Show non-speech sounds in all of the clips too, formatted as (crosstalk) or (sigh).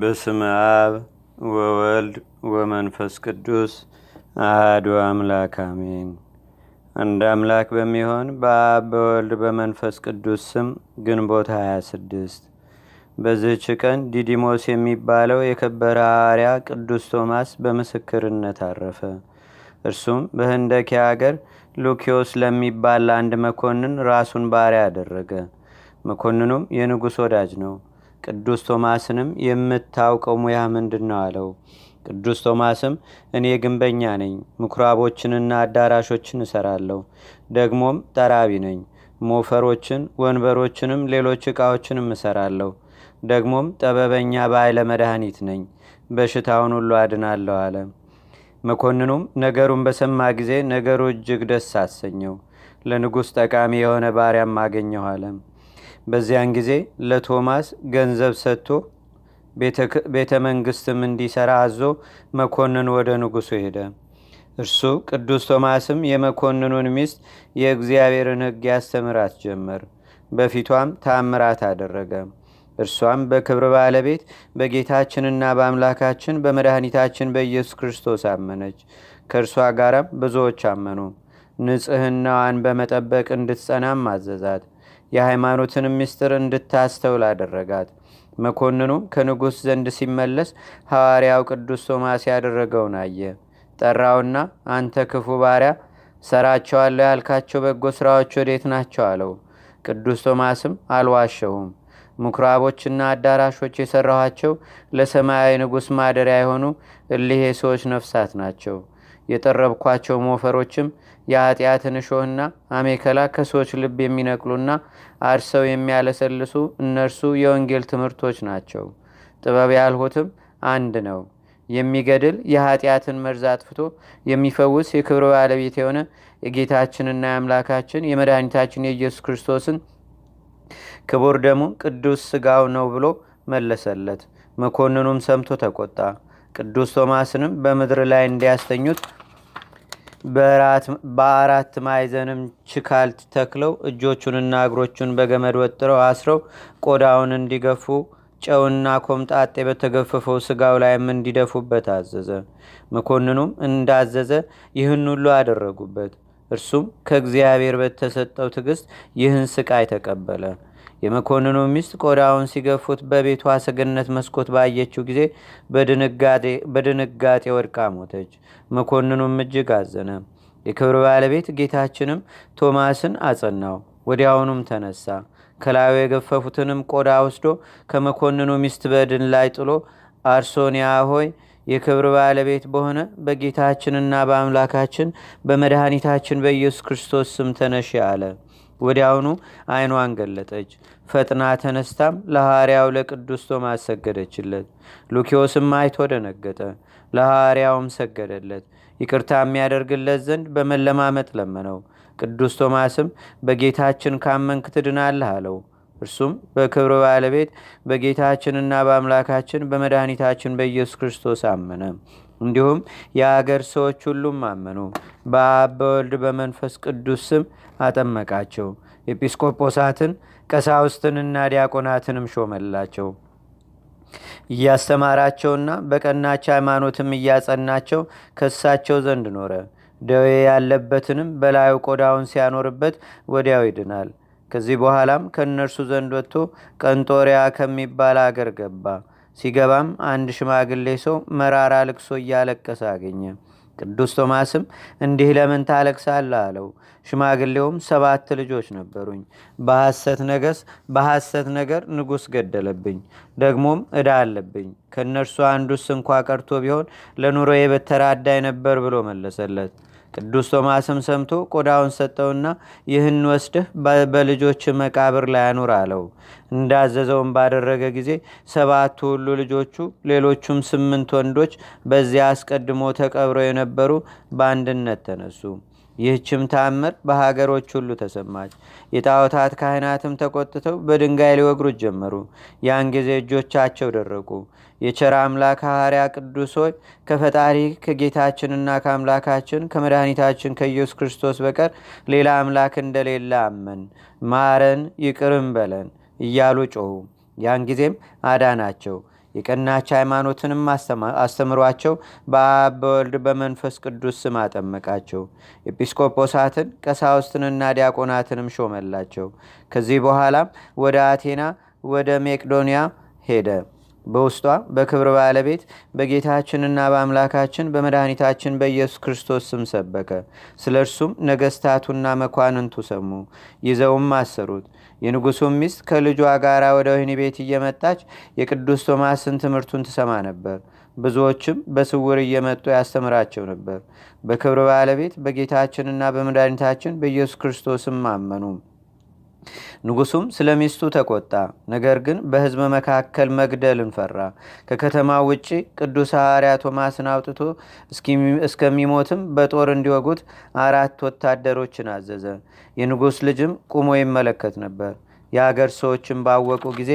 በስም አብ ወወልድ ወመንፈስ ቅዱስ አህዱ አምላክ አሜን። አንድ አምላክ በሚሆን በአብ በወልድ በመንፈስ ቅዱስ ስም ግንቦት 26 በዚህች ቀን ዲዲሞስ የሚባለው የከበረ ሐዋርያ ቅዱስ ቶማስ በምስክርነት አረፈ። እርሱም በህንደኪ አገር ሉኪዮስ ለሚባል አንድ መኮንን ራሱን ባሪያ አደረገ። መኮንኑም የንጉሥ ወዳጅ ነው። ቅዱስ ቶማስንም የምታውቀው ሙያ ምንድን ነው አለው ቅዱስ ቶማስም እኔ ግንበኛ ነኝ ምኩራቦችንና አዳራሾችን እሰራለሁ ደግሞም ጠራቢ ነኝ ሞፈሮችን ወንበሮችንም ሌሎች ዕቃዎችንም እሰራለሁ ደግሞም ጠበበኛ በአይለ መድኃኒት ነኝ በሽታውን ሁሉ አድናለሁ አለ መኮንኑም ነገሩን በሰማ ጊዜ ነገሩ እጅግ ደስ አሰኘው ለንጉሥ ጠቃሚ የሆነ ባሪያም አገኘሁ አለም በዚያን ጊዜ ለቶማስ ገንዘብ ሰጥቶ ቤተ መንግስትም እንዲሰራ አዞ መኮንን ወደ ንጉሱ ሄደ። እርሱ ቅዱስ ቶማስም የመኮንኑን ሚስት የእግዚአብሔርን ህግ ያስተምራት ጀመር። በፊቷም ታምራት አደረገ። እርሷም በክብር ባለቤት በጌታችንና በአምላካችን በመድኃኒታችን በኢየሱስ ክርስቶስ አመነች። ከእርሷ ጋራም ብዙዎች አመኑ። ንጽህናዋን በመጠበቅ እንድትጸናም አዘዛት። የሃይማኖትን ምስጢር እንድታስተውል አደረጋት መኮንኑም ከንጉሥ ዘንድ ሲመለስ ሐዋርያው ቅዱስ ቶማስ ያደረገውን አየ ጠራውና አንተ ክፉ ባሪያ ሰራቸዋለሁ ያልካቸው በጎ ሥራዎች ወዴት ናቸው አለው ቅዱስ ቶማስም አልዋሸውም። ምኩራቦችና አዳራሾች የሠራኋቸው ለሰማያዊ ንጉሥ ማደሪያ የሆኑ እሊሄ የሰዎች ነፍሳት ናቸው የጠረብኳቸው ሞፈሮችም የኃጢአትን እሾህና አሜከላ ከሰዎች ልብ የሚነቅሉና አርሰው የሚያለሰልሱ እነርሱ የወንጌል ትምህርቶች ናቸው። ጥበብ ያልሁትም አንድ ነው። የሚገድል የኃጢአትን መርዝ አጥፍቶ የሚፈውስ የክብረ ባለቤት የሆነ የጌታችንና የአምላካችን የመድኃኒታችን የኢየሱስ ክርስቶስን ክቡር ደሙን ቅዱስ ስጋው ነው ብሎ መለሰለት። መኮንኑም ሰምቶ ተቆጣ። ቅዱስ ቶማስንም በምድር ላይ እንዲያስተኙት በአራት ማዕዘንም ችካል ተክለው እጆቹንና እግሮቹን በገመድ ወጥረው አስረው ቆዳውን እንዲገፉ ጨውና ኮምጣጤ በተገፈፈው ስጋው ላይም እንዲደፉበት አዘዘ። መኮንኑም እንዳዘዘ ይህን ሁሉ አደረጉበት። እርሱም ከእግዚአብሔር በተሰጠው ትግስት ይህን ስቃይ ተቀበለ። የመኮንኑ ሚስት ቆዳውን ሲገፉት በቤቷ ሰገነት መስኮት ባየችው ጊዜ በድንጋጤ ወድቃ ሞተች። መኮንኑም እጅግ አዘነ። የክብር ባለቤት ጌታችንም ቶማስን አጸናው። ወዲያውኑም ተነሳ። ከላዩ የገፈፉትንም ቆዳ ወስዶ ከመኮንኑ ሚስት በድን ላይ ጥሎ አርሶኒያ ሆይ የክብር ባለቤት በሆነ በጌታችንና በአምላካችን በመድኃኒታችን በኢየሱስ ክርስቶስ ስም ተነሽ አለ። ወዲያውኑ አይኗን ገለጠች። ፈጥና ተነስታም ለሐርያው ለቅዱስ ቶማስ ሰገደችለት። ሉኪዮስም አይቶ ደነገጠ። ለሐርያውም ሰገደለት። ይቅርታ የሚያደርግለት ዘንድ በመለማመጥ ለመነው። ቅዱስ ቶማስም በጌታችን ካመንክ ትድናለህ አለው። እርሱም በክብር ባለቤት በጌታችንና በአምላካችን በመድኃኒታችን በኢየሱስ ክርስቶስ አመነ። እንዲሁም የአገር ሰዎች ሁሉም አመኑ። በአብ በወልድ በመንፈስ ቅዱስ ስም አጠመቃቸው። ኤጲስቆጶሳትን ቀሳውስትንና ዲያቆናትንም ሾመላቸው። እያስተማራቸውና በቀናች ሃይማኖትም እያጸናቸው ከሳቸው ዘንድ ኖረ። ደዌ ያለበትንም በላዩ ቆዳውን ሲያኖርበት ወዲያው ይድናል። ከዚህ በኋላም ከእነርሱ ዘንድ ወጥቶ ቀንጦሪያ ከሚባል አገር ገባ። ሲገባም አንድ ሽማግሌ ሰው መራራ ልቅሶ እያለቀሰ አገኘ። ቅዱስ ቶማስም እንዲህ ለምን ታለቅሳለ አለው። ሽማግሌውም ሰባት ልጆች ነበሩኝ፣ በሐሰት ነገስ በሐሰት ነገር ንጉሥ ገደለብኝ፣ ደግሞም እዳ አለብኝ። ከእነርሱ አንዱስ እንኳ ቀርቶ ቢሆን ለኑሮ በተራዳይ ነበር ብሎ መለሰለት። ቅዱስ ቶማስም ሰምቶ ቆዳውን ሰጠውና ይህን ወስደህ በልጆች መቃብር ላይ አኑር አለው። እንዳዘዘውን ባደረገ ጊዜ ሰባቱ ሁሉ ልጆቹ፣ ሌሎቹም ስምንት ወንዶች በዚያ አስቀድሞ ተቀብረው የነበሩ በአንድነት ተነሱ። ይህችም ታምር በሀገሮች ሁሉ ተሰማች። የጣዖታት ካህናትም ተቆጥተው በድንጋይ ሊወግሩት ጀመሩ። ያን ጊዜ እጆቻቸው ደረቁ። የቸራ አምላክ ሐዋርያ ቅዱስ ሆይ ከፈጣሪ ከጌታችንና ከአምላካችን ከመድኃኒታችን ከኢየሱስ ክርስቶስ በቀር ሌላ አምላክ እንደሌለ አመን፣ ማረን፣ ይቅርም በለን እያሉ ጮሁ ያን ጊዜም አዳናቸው። የቀናች ሃይማኖትንም አስተምሯቸው በአብ በወልድ በመንፈስ ቅዱስ ስም አጠመቃቸው። ኤጲስቆጶሳትን ቀሳውስትንና ዲያቆናትንም ሾመላቸው። ከዚህ በኋላም ወደ አቴና ወደ ሜቅዶንያ ሄደ። በውስጧ በክብር ባለቤት በጌታችንና በአምላካችን በመድኃኒታችን በኢየሱስ ክርስቶስ ስም ሰበከ። ስለ እርሱም ነገስታቱና መኳንንቱ ሰሙ፣ ይዘውም አሰሩት። የንጉሱም ሚስት ከልጇ ጋር ወደ ወህኒ ቤት እየመጣች የቅዱስ ቶማስን ትምህርቱን ትሰማ ነበር። ብዙዎችም በስውር እየመጡ ያስተምራቸው ነበር። በክብር ባለቤት በጌታችንና በመድኃኒታችን በኢየሱስ ክርስቶስም አመኑ። ንጉሱም ስለ ሚስቱ ተቆጣ። ነገር ግን በሕዝብ መካከል መግደልን ፈራ። ከከተማ ውጭ ቅዱስ ሐዋርያ ቶማስን አውጥቶ እስከሚሞትም በጦር እንዲወጉት አራት ወታደሮችን አዘዘ። የንጉሥ ልጅም ቁሞ ይመለከት ነበር። የአገር ሰዎችን ባወቁ ጊዜ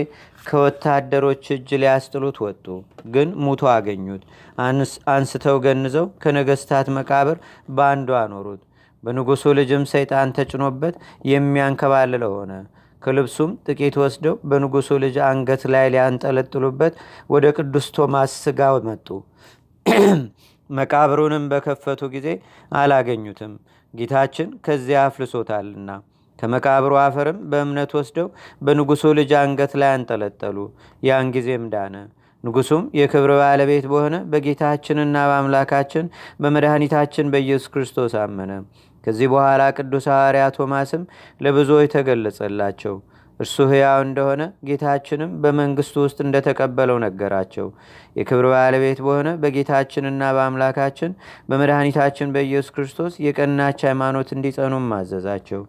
ከወታደሮች እጅ ሊያስጥሉት ወጡ። ግን ሙቶ አገኙት። አንስተው ገንዘው ከነገስታት መቃብር በአንዱ አኖሩት። በንጉሱ ልጅም ሰይጣን ተጭኖበት የሚያንከባልለው ሆነ ከልብሱም ጥቂት ወስደው በንጉሱ ልጅ አንገት ላይ ሊያንጠለጥሉበት ወደ ቅዱስ ቶማስ ስጋ መጡ (clears throat) መቃብሩንም በከፈቱ ጊዜ አላገኙትም ጌታችን ከዚያ አፍልሶታልና ከመቃብሩ አፈርም በእምነት ወስደው በንጉሱ ልጅ አንገት ላይ አንጠለጠሉ ያን ጊዜም ዳነ ንጉሱም የክብር ባለቤት በሆነ በጌታችንና በአምላካችን በመድኃኒታችን በኢየሱስ ክርስቶስ አመነ። ከዚህ በኋላ ቅዱስ ሐዋርያ ቶማስም ለብዙዎች ተገለጸላቸው። እርሱ ሕያው እንደሆነ ጌታችንም በመንግሥቱ ውስጥ እንደተቀበለው ነገራቸው። የክብር ባለቤት በሆነ በጌታችንና በአምላካችን በመድኃኒታችን በኢየሱስ ክርስቶስ የቀናች ሃይማኖት እንዲጸኑም አዘዛቸው።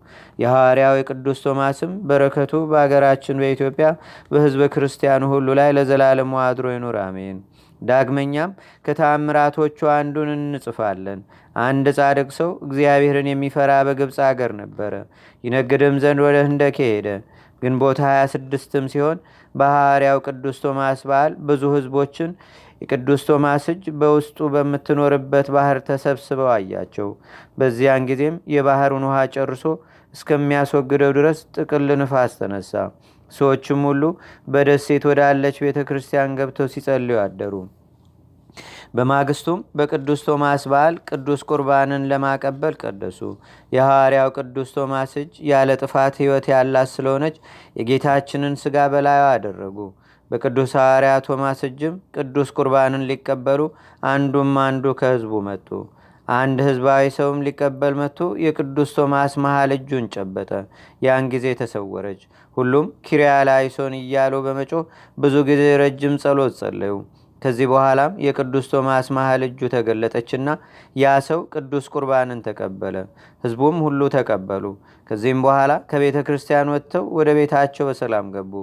የሐዋርያው የቅዱስ ቶማስም በረከቱ በአገራችን በኢትዮጵያ በሕዝበ ክርስቲያኑ ሁሉ ላይ ለዘላለሙ አድሮ ይኑር፣ አሜን። ዳግመኛም ከታምራቶቹ አንዱን እንጽፋለን። አንድ ጻድቅ ሰው እግዚአብሔርን የሚፈራ በግብፅ አገር ነበረ። ይነግድም ዘንድ ወደ ህንደኬ ሄደ። ግንቦት 26ም ሲሆን በሐዋርያው ቅዱስ ቶማስ በዓል ብዙ ህዝቦችን የቅዱስ ቶማስ እጅ በውስጡ በምትኖርበት ባህር ተሰብስበው አያቸው። በዚያን ጊዜም የባህሩን ውሃ ጨርሶ እስከሚያስወግደው ድረስ ጥቅል ንፋስ ተነሳ። ሰዎችም ሁሉ በደሴት ወዳለች ቤተ ክርስቲያን ገብተው ሲጸልዩ አደሩ። በማግስቱም በቅዱስ ቶማስ በዓል ቅዱስ ቁርባንን ለማቀበል ቀደሱ። የሐዋርያው ቅዱስ ቶማስ እጅ ያለ ጥፋት ሕይወት ያላት ስለሆነች የጌታችንን ሥጋ በላዩ አደረጉ። በቅዱስ ሐዋርያ ቶማስ እጅም ቅዱስ ቁርባንን ሊቀበሉ አንዱም አንዱ ከሕዝቡ መጡ። አንድ ሕዝባዊ ሰውም ሊቀበል መጥቶ የቅዱስ ቶማስ መሃል እጁን ጨበጠ። ያን ጊዜ ተሰወረች። ሁሉም ኪሪያ ላይሶን እያሉ በመጮ ብዙ ጊዜ ረጅም ጸሎት ጸለዩ። ከዚህ በኋላም የቅዱስ ቶማስ መሃል እጁ ተገለጠችና ያ ሰው ቅዱስ ቁርባንን ተቀበለ። ህዝቡም ሁሉ ተቀበሉ። ከዚህም በኋላ ከቤተ ክርስቲያን ወጥተው ወደ ቤታቸው በሰላም ገቡ።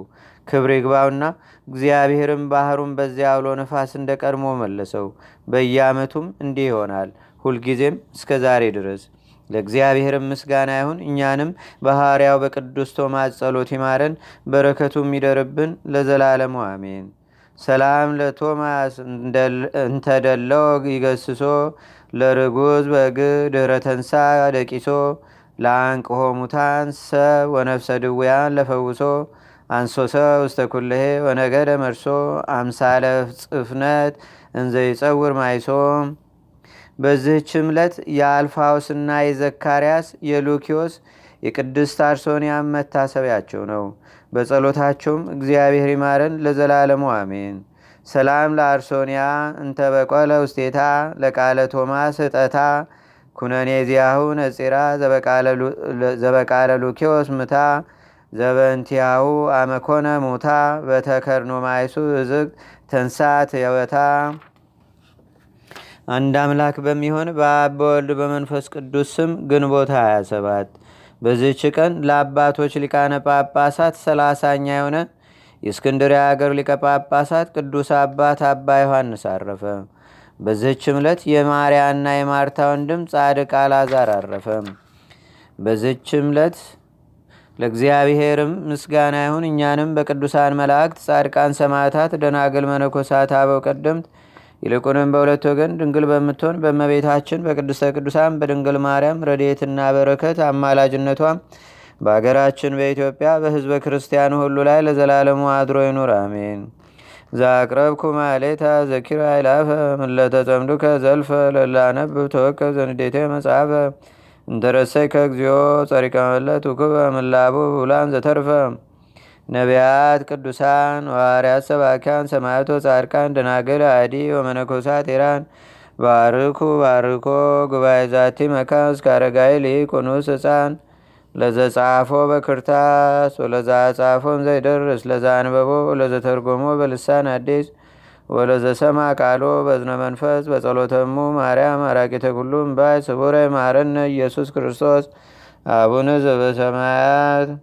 ክብር ይግባውና እግዚአብሔርም ባህሩን በዚያ አውሎ ነፋስ እንደ ቀድሞ መለሰው። በየአመቱም እንዲህ ይሆናል፣ ሁልጊዜም እስከ ዛሬ ድረስ። ለእግዚአብሔርም ምስጋና ይሁን። እኛንም በሐዋርያው በቅዱስ ቶማስ ጸሎት ይማረን፣ በረከቱም ይደርብን ለዘላለሙ አሜን። ሰላም ለቶማስ እንተደለው ይገስሶ ለርጉዝ በግ ድህረ ተንሳ ደቂሶ ለአንቅሆ ሙታን ሰብ ወነፍሰ ድውያን ለፈውሶ አንሶሰ ውስተ ኩልሄ ወነገደ መርሶ አምሳለ ጽፍነት እንዘይጸውር ማይሶ በዚህች እምለት የአልፋዎስና የዘካርያስ የሉኪዮስ የቅድስት አርሶንያን መታሰቢያቸው ነው። በጸሎታቸውም እግዚአብሔር ይማረን ለዘላለሙ አሜን። ሰላም ለአርሶንያ እንተበቆለ ውስቴታ ለቃለ ቶማስ እጠታ ኩነኔ ዚያሁ ነጺራ ዘበቃለ ሉኪዎስ ምታ ዘበንቲያሁ አመኮነ ሙታ በተከርኖ ማይሱ እዝግ ተንሳት የወታ አንድ አምላክ በሚሆን በአብ በወልድ በመንፈስ ቅዱስ ስም ግንቦት 27 በዚህች ቀን ለአባቶች ሊቃነ ጳጳሳት ሰላሳኛ የሆነ የእስክንድርያ አገር ሊቀ ጳጳሳት ቅዱስ አባት አባ ዮሐንስ አረፈ። በዚህችም ዕለት የማርያና የማርታ ወንድም ጻድቅ አልዓዛር አረፈ። በዚህችም ዕለት ለእግዚአብሔርም ምስጋና ይሁን እኛንም በቅዱሳን መላእክት፣ ጻድቃን፣ ሰማዕታት፣ ደናግል፣ መነኮሳት፣ አበው ቀደምት ይልቁንም በሁለት ወገን ድንግል በምትሆን በመቤታችን በቅድስተ ቅዱሳን በድንግል ማርያም ረድኤትና በረከት አማላጅነቷም በአገራችን በኢትዮጵያ በህዝበ ክርስቲያኑ ሁሉ ላይ ለዘላለሙ አድሮ ይኑር፣ አሜን። ዛቅረብኩ ማሌታ ዘኪራ አይላፈ ምለተጸምዱከ ዘልፈ ለላነብብ ተወከብ ዘንዴቴ መጽሐፈ እንተረሰይ ከእግዚኦ ጸሪቀመለት ውክበ ምላቡ ብላን ዘተርፈ ነቢያት፣ ቅዱሳን፣ ሐዋርያት፣ ሰባኪያን፣ ሰማያቶ፣ ጻድቃን፣ ደናግል፣ አዲ ወመነኮሳት ኢራን ባርኩ ባርኮ ጉባኤ ዛቲ መካን እስከ አረጋዊ ሊቅ ህፃን ለዘጻፎ በክርታስ ወለዛ ዘይደርስ ለዛ አንበቦ ለዘተርጎሞ በልሳን አዲስ ወለዘሰማ ቃሎ በዝነ መንፈስ በጸሎተሙ ማርያም አራቂተ ኩሉም ባይ ስቡረ ማረነ ኢየሱስ ክርስቶስ አቡነ ዘበሰማያት